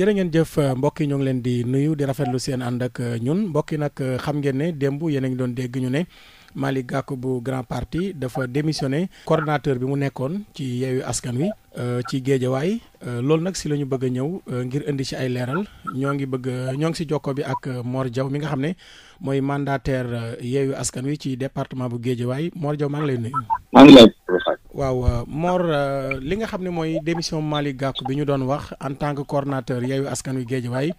jërë ngeen jëf euh, mbokk yi ñoo ngi leen di nuyu di rafetlu seen ànd ak euh, ñun mbokk yi nag euh, xam ngeen ne démb yéen a ngi doon dégg ñu ne Malick Gakou bu Grand Parti dafa démissionné coordonnateur bi mu nekkoon ci Yewwi Askan Wi ci Géejawaay loolu nag si la ñu bëgg a ñëw ngir indi si ay leeral ñoo ngi bëgg ñoo ngi si jokko bi ak Mor Diaw mi nga xam ne mooy mandataire Yewwi Askan Wi ci département bu Géejawaay Mor Diaw maa ngi lay nuyu. waaw euh, Mor euh, li nga xam ne mooy démission mali Gakou bi ñu doon wax en tant que coordonnateur Yewwi Askan Wi Guédiawaye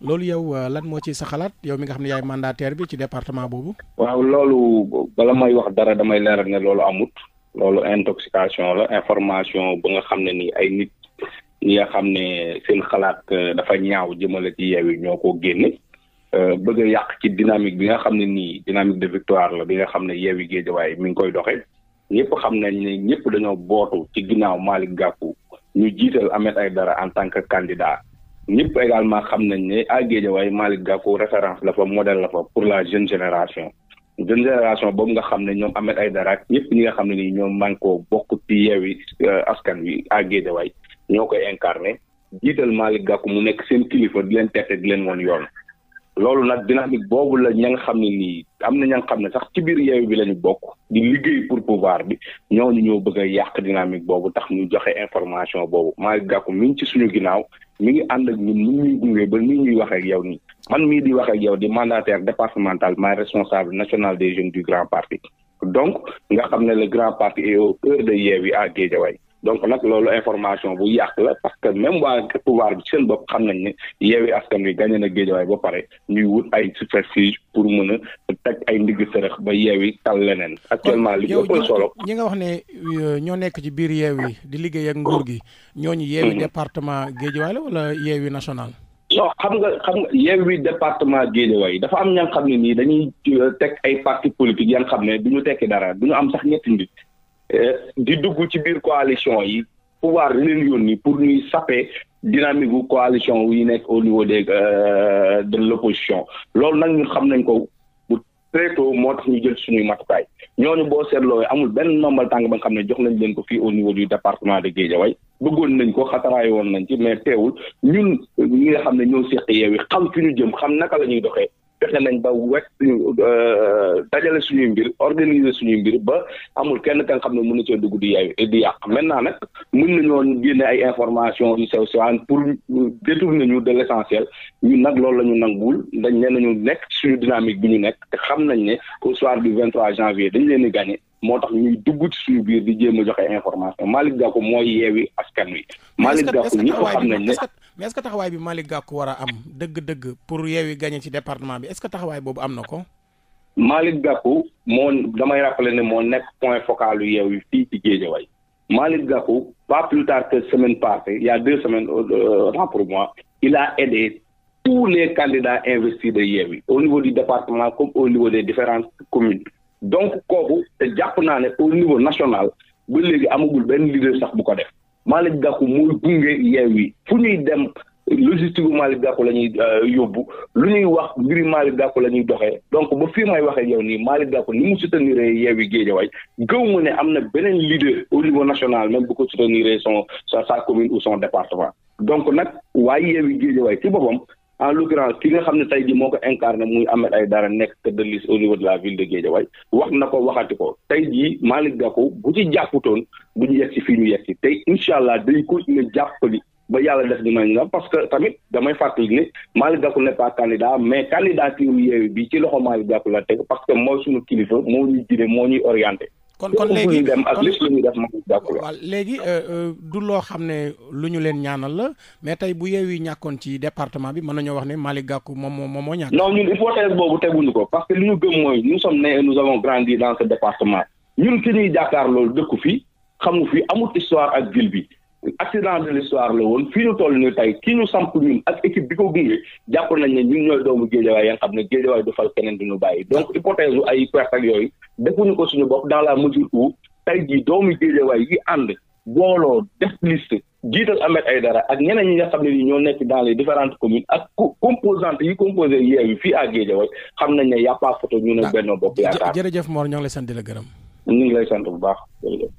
loolu yow euh, lan moo ci sa xalaat yow mi nga xam ne yaay mandataire bi ci département boobu. waaw loolu bala may wax dara damay leeral ne loolu amut loolu intoxication la information ba nga xam ne ni ay nit ñi nga xam ne seen xalaat dafa ñaaw jëmale ci yi ñoo ko génne. bëgg yàq ci dynamique bi nga xam ne nii dynamique de victoire la bi nga xam ne Yewwi Guédiawaye mi ngi koy doxee. ñëpp xam nañ ne ñëpp dañoo bootu ci ginnaaw Malick gàkku ñu jiital ay dara en tant que candidat ñëpp également xam nañ ne à Guédiawaye Malick Gakou référence la fa model la fa pour la jeune génération jeune génération boobu nga xam ne ñoom Ahmed ay dara ñëpp ñi nga xam ne nii ñoom maa ngi koo bokk ci yeewi euh, askan wi à Guédiawaye ñoo koy incarné jiital Malick Gakou mu nekk seen kilifa di leen tette di leen woon yoon loolu nag dynamique boobu la ña nga xam ni nii am na ña xam ne sax ci biir yeewu bi la ñu bokk di liggéey pour pouvoir bi ñu ñoo bëgg a yàq dynamique boobu tax ñu joxe information boobu Malick Gakou mi ngi ci suñu ginnaaw mi ngi ànd ak ñun ni ñuy gunge ba ni ñuy wax ak yow nii man mii di wax ak yow di mandataire départemental maay responsable national des jeunes du grand parti donc nga xam ne la grand parti est au cœur de Yewwi à Guédiawaye donc nag loolu information bu yàq la parce que même waa pouvoir bi seen bopp xam nañ ne yeewi askan wi gagné na géejawaay ba pare ñuy wut ay superficie pour mën a teg ay ndigg sërëx ba yeewi tal leneen actuellement li ëpp solo ñi nga wax ne euh, ñoo nekk ci biir yeewi di liggéey ak nguur gi ñooñu yeewi mm-hmm. département géejawaay la wala yeewi national non xam nga xam nga Yewwi département Guédiawaye dafa am ña xam ne nii dañuy euh, teg ay parti politique ya nga xam ne du ñu tekki dara du ñu am sax ñetti nit di dugg ci biir coalition yi pouvoir leen yoon nii pour ñuy saper dynamique gu coalition yi nekk au niveau des euh, de l' opposition loolu nag ñun xam nañ ko bu très moo tax ñu jël suñuy matukaay ñooñu boo seetloo amul benn nombal tàng ba nga xam ne jox nañ leen ko fii au niveau du département de Guédiawaye bëggoon nañ ko xataraay woon nañ ci mais teewul ñun ñi nga xam ne ñoo seq yeewi xam fi ñu jëm xam naka la ñuy doxee fexe nañ ba wet euh, dajale suñuy mbir organiser suñuy mbir ba amul kenn ka xam ne mën na cee dugg di yaay di yàq maintenant nag mën nañoo génne ay information yu sew sewaan pour détourner ñu de l' ñu nag loolu la ñu nanguwul dañ leen nañu nekk suñu dynamique bi ñu nekk te xam nañ ne au soir du 23 janvier dañ leen di gagné moo tax ñuy duggut ci biir di jéem a joxe information Malick Gakou mooy yeewi askan wi. Malick Gakou ñëpp xam nañ ne mais est que taxawaay bi Malick Gakou war a am dëgg-dëgg pour yeewi gagné ci département bi est-ce taxawaay boobu am na ko. Malick Gakou moo damay la ne moo nekk point focal yu yeewi fii ci Guédiawaye Malick Gakou pas plus tard que semaine passée il y a deux semaines autant euh, euh, pour moi il a aidé. tous les candidats investis de Yewwi au niveau du département comme au donc kooku te jàpp naa ne au niveau national ba léegi amagul benn leader sax bu ko def Malick Gakou mooy gunge yi fu ñuy dem logistique bu Malick Gakou la ñuy euh, yóbbu lu ñuy wax mbiri Malick Gakou la ñuy doxee donc ba fii may waxee yow nii Malick Gakou ni mu soutenir Yewwi Guédiawaye gëw ma ne am na beneen leader au niveau national même bu ko soutenir son sa sa commune ou son département donc nag waaye yi Guédiawaye ci boppam en l'occurrence ki nga xam ne tey ji moo ko incarné muy ay dara nekk tête de liste au niveau de la ville de Guédiawaye wax na ko waxati ko tey jii Malick Gakou bu ci jàpputoon bu ñu yegg si fii ñu yegg si tey incha allah day continuer li ba yàlla def dinañ la parce que tamit damay fàttali ne Malick Gakou n'est pas candidat mais candidature Yewwi bi ci loxo Malick Gakou la teg parce que mooy suma kilifa moo ñuy jiite moo ñuy orienté kon kon léegi dem ak lépp lu ñuy def ma léegi euh, euh, du loo xam ne lu ñu leen ñaanal la mais tey bu yeew yi ñàkkoon ci département bi mën nañoo wax ne mali Gakou moom moo moom moo ñàkk non ñun hypothèse boobu teguñu ko parce que li ñu gëm mooy nous sommes nés et nous dans ce département ñun ki ñuy jàkkaar loolu dëkku fi xamu fi amul histoire ak ville bi accident de la woon fii ñu toll nii tey ki ñu samp ñun ak équipe bi ko gunge jàpp nañ ne ñun ñooy doomu géejawaay ya nga xam ne géejawaay fal keneen du ñu bàyyi donc hypothèse ay perte yooyu defuñu ko suñu bopp dans la mesure où tey jii doomu géejawaay yi ànd booloo def liste jiital Ahmed Aïdara ak ñeneen ñi nga xam ne ni ñoo nekk dans les différentes communes ak composantes yi composé Yewwi fii ak Guédiawaye xam nañ ne y a pas photo ñu ne ah, Benno Bokk Yaakaar. jërëjëf Mor ñoo ngi lay sant di la ñu lay sant bu baax jërëjëf.